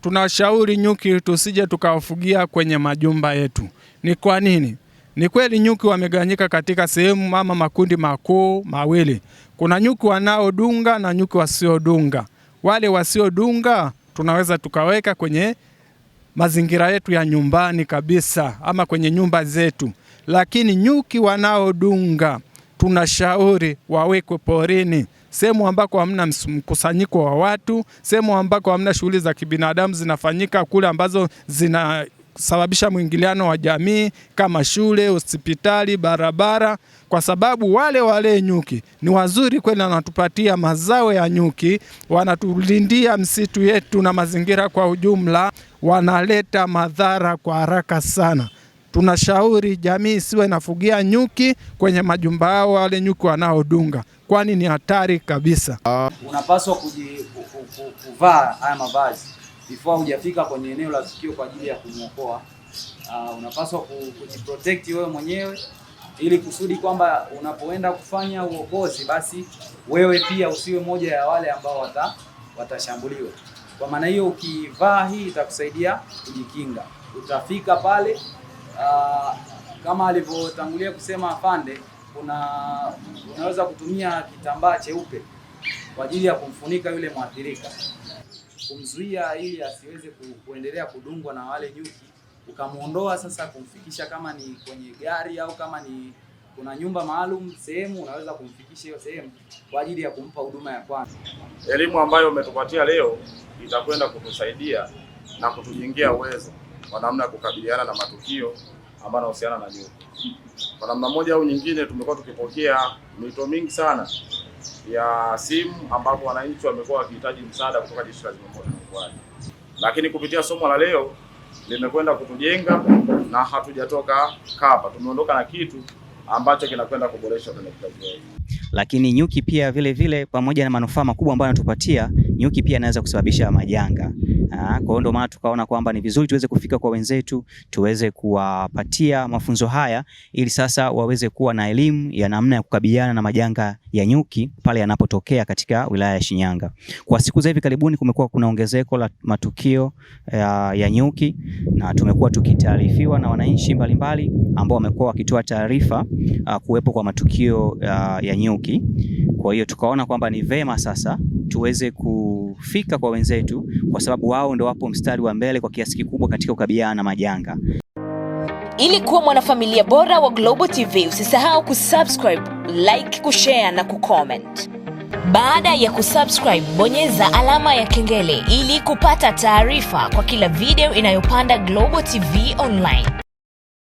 tunashauri nyuki tusije tukawafugia kwenye majumba yetu. Ni kwa nini? Ni kweli nyuki wamegawanyika katika sehemu ama makundi makuu mawili. Kuna nyuki wanaodunga na nyuki wasiodunga. Wale wasiodunga tunaweza tukaweka kwenye mazingira yetu ya nyumbani kabisa ama kwenye nyumba zetu, lakini nyuki wanaodunga tunashauri wawekwe porini sehemu ambako hamna mkusanyiko wa watu, sehemu ambako hamna shughuli za kibinadamu zinafanyika kule ambazo zina sababisha mwingiliano wa jamii kama shule, hospitali, barabara, kwa sababu wale wale nyuki ni wazuri kweli, wanatupatia mazao ya nyuki, wanatulindia msitu yetu na mazingira kwa ujumla, wanaleta madhara kwa haraka sana tunashauri jamii isiwe inafugia nyuki kwenye majumba yao, wale nyuki wanaodunga, kwani ni hatari kabisa. Ah. Unapaswa kuvaa haya mavazi before hujafika kwenye eneo la tukio kwa ajili ya kumwokoa. Uh, unapaswa kujiprotect wewe mwenyewe ili kusudi kwamba unapoenda kufanya uokozi basi wewe pia usiwe moja ya wale ambao wata watashambuliwa. Kwa maana hiyo, ukivaa hii itakusaidia kujikinga, utafika pale Uh, kama alivyotangulia kusema afande, kuna unaweza kutumia kitambaa cheupe kwa ajili ya kumfunika yule mwathirika, kumzuia ili asiweze kuendelea kudungwa na wale nyuki, ukamwondoa sasa, kumfikisha kama ni kwenye gari au kama ni kuna nyumba maalum sehemu, unaweza kumfikisha hiyo sehemu kwa ajili ya kumpa huduma ya kwanza. Elimu ambayo umetupatia leo itakwenda kutusaidia na kutujengea uwezo kwa namna ya kukabiliana na matukio ambayo yanahusiana na nyuki. Kwa namna moja au nyingine, tumekuwa tukipokea mito mingi sana ya simu ambapo wananchi wamekuwa wakihitaji msaada kutoka jeshi la zimamoto na uokoaji, lakini kupitia somo la leo limekwenda kutujenga na hatujatoka kapa, tumeondoka na kitu ambacho kinakwenda kuboresha utendakazi wetu. Lakini nyuki pia vile vile, pamoja na manufaa makubwa ambayo anatupatia nyuki, pia anaweza kusababisha majanga. Ah, kwa hiyo ndio maana tukaona kwamba ni vizuri tuweze kufika kwa wenzetu, tuweze kuwapatia mafunzo haya ili sasa waweze kuwa na elimu ya namna ya kukabiliana na majanga ya nyuki pale yanapotokea katika wilaya ya Shinyanga. Kwa siku za hivi karibuni kumekuwa kuna ongezeko la matukio ya, ya nyuki na tumekuwa tukitaarifiwa na wananchi mbalimbali ambao wamekuwa wakitoa taarifa ah, kuwepo kwa matukio ya, ah, ya nyuki kwa hiyo tukaona kwamba ni vema sasa tuweze kufika kwa wenzetu, kwa sababu wao ndo wapo mstari wa mbele kwa kiasi kikubwa katika kukabiliana na majanga. Ili kuwa mwanafamilia bora wa Global TV, usisahau kusubscribe, like, kushare na kucomment. Baada ya kusubscribe, bonyeza alama ya kengele ili kupata taarifa kwa kila video inayopanda Global TV Online.